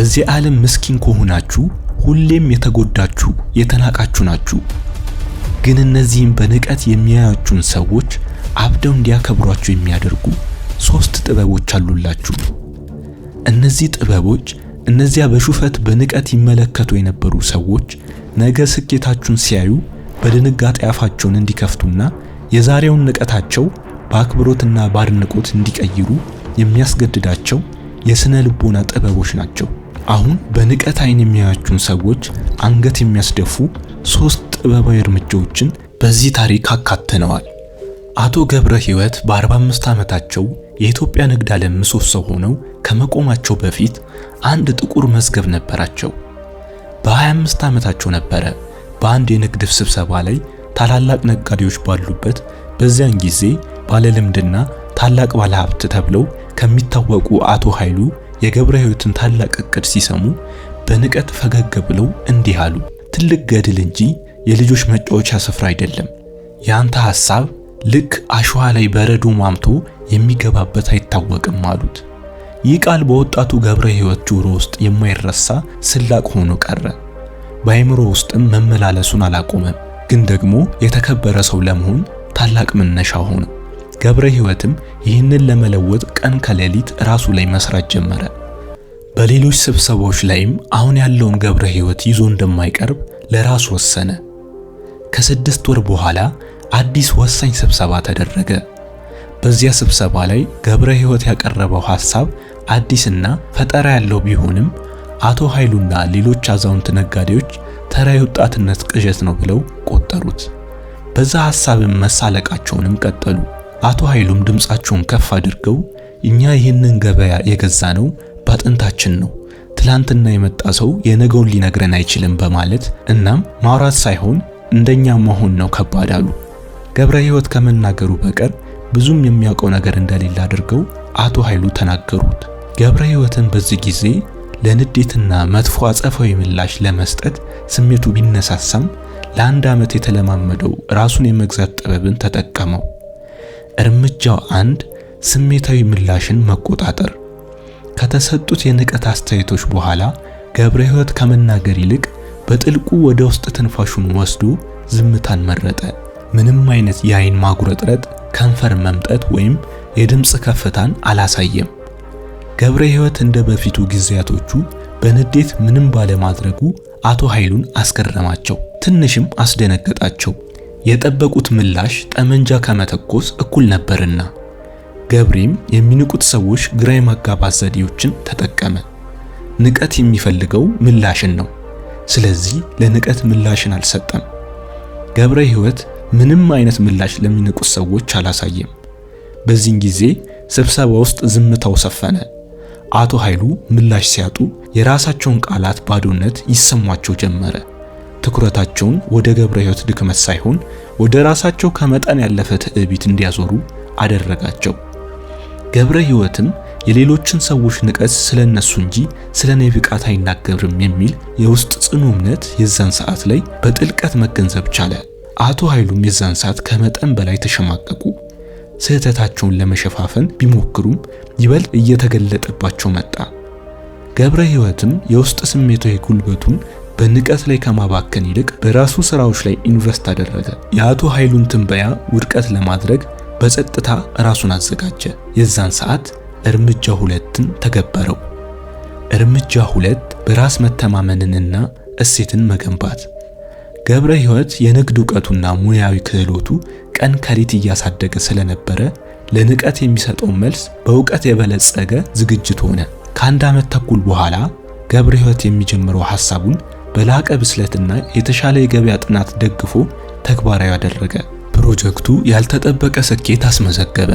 በዚህ ዓለም ምስኪን ከሆናችሁ ሁሌም የተጎዳችሁ የተናቃችሁ ናችሁ። ግን እነዚህም በንቀት የሚያያችሁን ሰዎች አብደው እንዲያከብሯችሁ የሚያደርጉ ሶስት ጥበቦች አሉላችሁ። እነዚህ ጥበቦች እነዚያ በሹፈት በንቀት ይመለከቱ የነበሩ ሰዎች ነገ ስኬታችሁን ሲያዩ በድንጋጤ አፋቸውን እንዲከፍቱና የዛሬውን ንቀታቸው በአክብሮትና በአድንቆት እንዲቀይሩ የሚያስገድዳቸው የስነ ልቦና ጥበቦች ናቸው። አሁን በንቀት አይን የሚያያችሁን ሰዎች አንገት የሚያስደፉ ሶስት ጥበባዊ እርምጃዎችን በዚህ ታሪክ አካተነዋል። አቶ ገብረ ሕይወት በ45 ዓመታቸው የኢትዮጵያ ንግድ ዓለም ምሰሶ ሆነው ከመቆማቸው በፊት አንድ ጥቁር መዝገብ ነበራቸው። በ25 ዓመታቸው ነበረ በአንድ የንግድ ስብሰባ ላይ ታላላቅ ነጋዴዎች ባሉበት በዚያን ጊዜ ባለልምድና ታላቅ ባለሀብት ተብለው ከሚታወቁ አቶ ኃይሉ የገብረ ሕይወትን ታላቅ እቅድ ሲሰሙ በንቀት ፈገግ ብለው እንዲህ አሉ። ትልቅ ገድል እንጂ የልጆች መጫወቻ ስፍራ አይደለም። የአንተ ሐሳብ ልክ አሸዋ ላይ በረዶ ማምቶ የሚገባበት አይታወቅም አሉት። ይህ ቃል በወጣቱ ገብረ ሕይወት ጆሮ ውስጥ የማይረሳ ስላቅ ሆኖ ቀረ። በአይምሮ ውስጥም መመላለሱን አላቆመም። ግን ደግሞ የተከበረ ሰው ለመሆን ታላቅ መነሻ ሆነ። ገብረ ሕይወትም ይህንን ለመለወጥ ቀን ከሌሊት ራሱ ላይ መስራት ጀመረ። በሌሎች ስብሰባዎች ላይም አሁን ያለውን ገብረ ሕይወት ይዞ እንደማይቀርብ ለራሱ ወሰነ። ከስድስት ወር በኋላ አዲስ ወሳኝ ስብሰባ ተደረገ። በዚያ ስብሰባ ላይ ገብረ ሕይወት ያቀረበው ሐሳብ አዲስና ፈጠራ ያለው ቢሆንም አቶ ኃይሉና ሌሎች አዛውንት ነጋዴዎች ተራ የወጣትነት ቅዠት ነው ብለው ቆጠሩት። በዛ ሐሳብም መሳለቃቸውንም ቀጠሉ። አቶ ኃይሉም ድምፃቸውን ከፍ አድርገው እኛ ይህንን ገበያ የገዛ ነው ባጥንታችን ነው ትላንትና የመጣ ሰው የነገውን ሊነግረን አይችልም በማለት እናም ማውራት ሳይሆን እንደኛ መሆን ነው ከባድ አሉ። ገብረ ሕይወት ከመናገሩ በቀር ብዙም የሚያውቀው ነገር እንደሌለ አድርገው አቶ ኃይሉ ተናገሩት። ገብረ ሕይወትን በዚህ ጊዜ ለንዴትና መጥፎ አጸፋዊ ምላሽ ለመስጠት ስሜቱ ቢነሳሳም ለአንድ ዓመት የተለማመደው ራሱን የመግዛት ጥበብን ተጠቀመው። እርምጃው አንድ ስሜታዊ ምላሽን መቆጣጠር። ከተሰጡት የንቀት አስተያየቶች በኋላ ገብረ ሕይወት ከመናገር ይልቅ በጥልቁ ወደ ውስጥ ትንፋሹን ወስዶ ዝምታን መረጠ። ምንም አይነት የአይን ማጉረጥረጥ፣ ከንፈር መምጠት ወይም የድምፅ ከፍታን አላሳየም። ገብረ ሕይወት እንደ በፊቱ ጊዜያቶቹ በንዴት ምንም ባለማድረጉ አቶ ኃይሉን አስገረማቸው፣ ትንሽም አስደነገጣቸው። የጠበቁት ምላሽ ጠመንጃ ከመተኮስ እኩል ነበርና ገብሬም የሚንቁት ሰዎች ግራ የማጋባት ዘዴዎችን ተጠቀመ። ንቀት የሚፈልገው ምላሽን ነው። ስለዚህ ለንቀት ምላሽን አልሰጠም። ገብረ ሕይወት ምንም አይነት ምላሽ ለሚንቁት ሰዎች አላሳየም። በዚህን ጊዜ ስብሰባ ውስጥ ዝምታው ሰፈነ። አቶ ኃይሉ ምላሽ ሲያጡ የራሳቸውን ቃላት ባዶነት ይሰሟቸው ጀመረ። ትኩረታቸውን ወደ ገብረ ሕይወት ድክመት ሳይሆን ወደ ራሳቸው ከመጠን ያለፈ ትዕቢት እንዲያዞሩ አደረጋቸው። ገብረ ሕይወትም የሌሎችን ሰዎች ንቀት ስለ እነሱ እንጂ ስለ እኔ ብቃት አይናገርም የሚል የውስጥ ጽኑ እምነት የዛን ሰዓት ላይ በጥልቀት መገንዘብ ቻለ። አቶ ኃይሉም የዛን ሰዓት ከመጠን በላይ ተሸማቀቁ። ስህተታቸውን ለመሸፋፈን ቢሞክሩም ይበልጥ እየተገለጠባቸው መጣ። ገብረ ሕይወትም የውስጥ ስሜታዊ ጉልበቱን በንቀት ላይ ከማባከን ይልቅ በራሱ ስራዎች ላይ ኢንቨስት አደረገ። የአቶ ኃይሉን ትንበያ ውድቀት ለማድረግ በጸጥታ ራሱን አዘጋጀ። የዛን ሰዓት እርምጃ ሁለትን ተገበረው። እርምጃ ሁለት በራስ መተማመንንና እሴትን መገንባት። ገብረ ሕይወት የንግድ ዕውቀቱና ሙያዊ ክህሎቱ ቀን ከሌት እያሳደገ ስለነበረ ለንቀት የሚሰጠው መልስ በእውቀት የበለጸገ ዝግጅት ሆነ። ከአንድ ዓመት ተኩል በኋላ ገብረ ሕይወት የሚጀምረው ሐሳቡን በላቀ ብስለትና የተሻለ የገበያ ጥናት ደግፎ ተግባራዊ አደረገ። ፕሮጀክቱ ያልተጠበቀ ስኬት አስመዘገበ።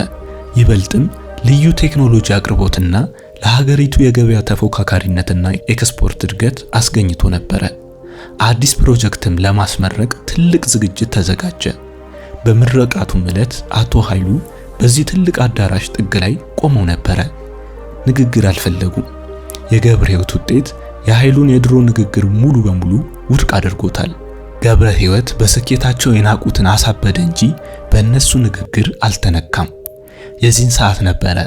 ይበልጥም ልዩ ቴክኖሎጂ አቅርቦትና ለሀገሪቱ የገበያ ተፎካካሪነትና ኤክስፖርት እድገት አስገኝቶ ነበረ። አዲስ ፕሮጀክትም ለማስመረቅ ትልቅ ዝግጅት ተዘጋጀ። በምረቃቱም ዕለት አቶ ኃይሉ በዚህ ትልቅ አዳራሽ ጥግ ላይ ቆመው ነበረ። ንግግር አልፈለጉም። የገብረ ሕይወት ውጤት የኃይሉን የድሮ ንግግር ሙሉ በሙሉ ውድቅ አድርጎታል። ገብረ ሕይወት በስኬታቸው የናቁትን አሳበደ እንጂ በእነሱ ንግግር አልተነካም። የዚህን ሰዓት ነበረ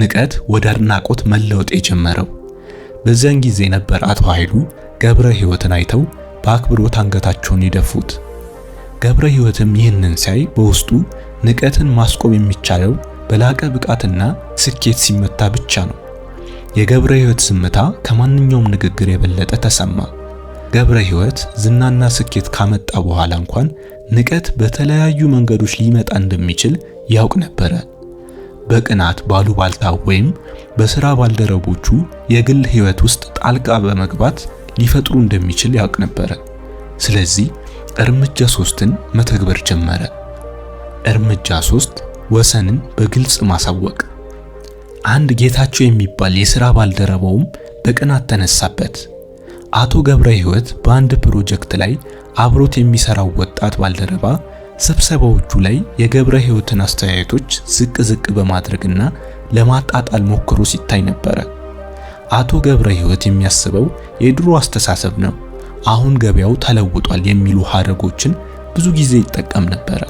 ንቀት ወደ አድናቆት መለወጥ የጀመረው። በዚያን ጊዜ ነበር አቶ ኃይሉ ገብረ ሕይወትን አይተው በአክብሮት አንገታቸውን ይደፉት። ገብረ ሕይወትም ይህንን ሲያይ በውስጡ ንቀትን ማስቆም የሚቻለው በላቀ ብቃትና ስኬት ሲመታ ብቻ ነው። የገብረ ህይወት ዝምታ ከማንኛውም ንግግር የበለጠ ተሰማ። ገብረ ህይወት ዝናና ስኬት ካመጣ በኋላ እንኳን ንቀት በተለያዩ መንገዶች ሊመጣ እንደሚችል ያውቅ ነበረ። በቅናት ባሉባልታ ወይም በስራ ባልደረቦቹ የግል ህይወት ውስጥ ጣልቃ በመግባት ሊፈጥሩ እንደሚችል ያውቅ ነበረ። ስለዚህ እርምጃ ሶስትን መተግበር ጀመረ። እርምጃ ሶስት ወሰንን በግልጽ ማሳወቅ አንድ ጌታቸው የሚባል የሥራ ባልደረባውም በቅናት ተነሳበት። አቶ ገብረ ሕይወት በአንድ ፕሮጀክት ላይ አብሮት የሚሰራው ወጣት ባልደረባ ስብሰባዎቹ ላይ የገብረ ሕይወትን አስተያየቶች ዝቅ ዝቅ በማድረግና ለማጣጣል ሞክሮ ሲታይ ነበረ። አቶ ገብረ ሕይወት የሚያስበው የድሮ አስተሳሰብ ነው፣ አሁን ገበያው ተለውጧል የሚሉ ሀረጎችን ብዙ ጊዜ ይጠቀም ነበረ።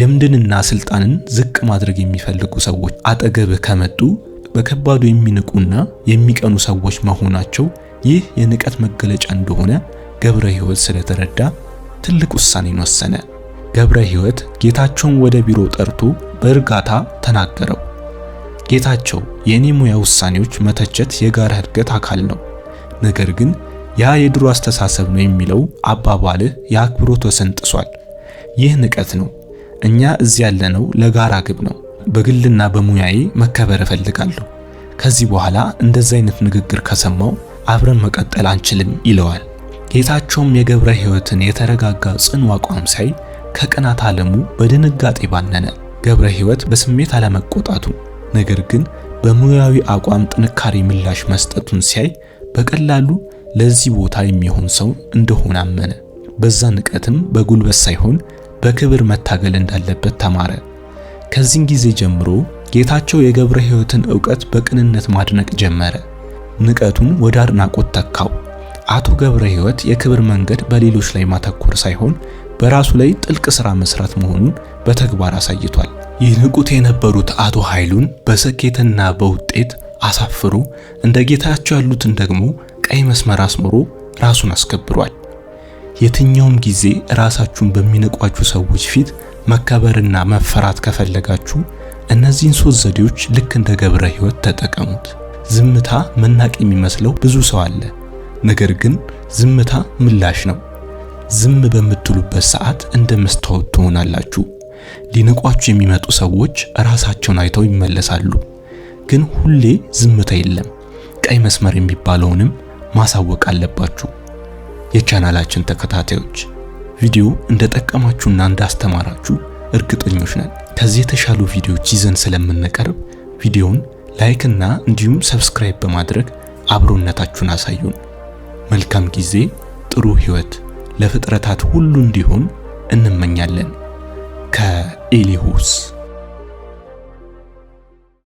ልምድንና ስልጣንን ዝቅ ማድረግ የሚፈልጉ ሰዎች አጠገብህ ከመጡ በከባዱ የሚንቁና የሚቀኑ ሰዎች መሆናቸው ይህ የንቀት መገለጫ እንደሆነ ገብረ ሕይወት ስለተረዳ ትልቅ ውሳኔን ወሰነ። ገብረ ሕይወት ጌታቸውን ወደ ቢሮ ጠርቶ በእርጋታ ተናገረው። ጌታቸው፣ የእኔ ሙያ ውሳኔዎች መተቸት የጋራ እድገት አካል ነው። ነገር ግን ያ የድሮ አስተሳሰብ ነው የሚለው አባባልህ የአክብሮት ወሰን ጥሷል። ይህ ንቀት ነው። እኛ እዚህ ያለነው ለጋራ ግብ ነው። በግልና በሙያዬ መከበር እፈልጋለሁ። ከዚህ በኋላ እንደዚህ አይነት ንግግር ከሰማው አብረን መቀጠል አንችልም ይለዋል። ጌታቸውም የገብረ ሕይወትን የተረጋጋ ጽኑ አቋም ሳይ ከቅናት ዓለሙ በድንጋጤ ባነነ። ገብረ ሕይወት በስሜት አለመቆጣቱ ነገር ግን በሙያዊ አቋም ጥንካሬ ምላሽ መስጠቱን ሲያይ በቀላሉ ለዚህ ቦታ የሚሆን ሰው እንደሆነ አመነ። በዛ ንቀትም በጉልበት ሳይሆን በክብር መታገል እንዳለበት ተማረ። ከዚህ ጊዜ ጀምሮ ጌታቸው የገብረ ሕይወትን ዕውቀት በቅንነት ማድነቅ ጀመረ። ንቀቱን ወደ አድናቆት ተካው። አቶ ገብረ ሕይወት የክብር መንገድ በሌሎች ላይ ማተኮር ሳይሆን በራሱ ላይ ጥልቅ ሥራ መስራት መሆኑን በተግባር አሳይቷል። ይንቁት የነበሩት አቶ ኃይሉን በስኬትና በውጤት አሳፍሩ እንደ ጌታቸው ያሉትን ደግሞ ቀይ መስመር አስምሮ ራሱን አስከብሯል። የትኛውም ጊዜ ራሳችሁን በሚነቋችሁ ሰዎች ፊት መከበርና መፈራት ከፈለጋችሁ እነዚህን ሶስት ዘዴዎች ልክ እንደ ገብረ ህይወት ተጠቀሙት። ዝምታ መናቅ የሚመስለው ብዙ ሰው አለ። ነገር ግን ዝምታ ምላሽ ነው። ዝም በምትሉበት ሰዓት እንደ መስታወት ትሆናላችሁ። ሊንቋችሁ የሚመጡ ሰዎች ራሳቸውን አይተው ይመለሳሉ። ግን ሁሌ ዝምታ የለም። ቀይ መስመር የሚባለውንም ማሳወቅ አለባችሁ። የቻናላችን ተከታታዮች ቪዲዮ እንደጠቀማችሁና እንዳስተማራችሁ እርግጠኞች ነን። ከዚህ የተሻሉ ቪዲዮዎች ይዘን ስለምንቀርብ ቪዲዮውን ላይክና እንዲሁም ሰብስክራይብ በማድረግ አብሮነታችሁን አሳዩን። መልካም ጊዜ፣ ጥሩ ህይወት ለፍጥረታት ሁሉ እንዲሆን እንመኛለን። ከኤሊሁስ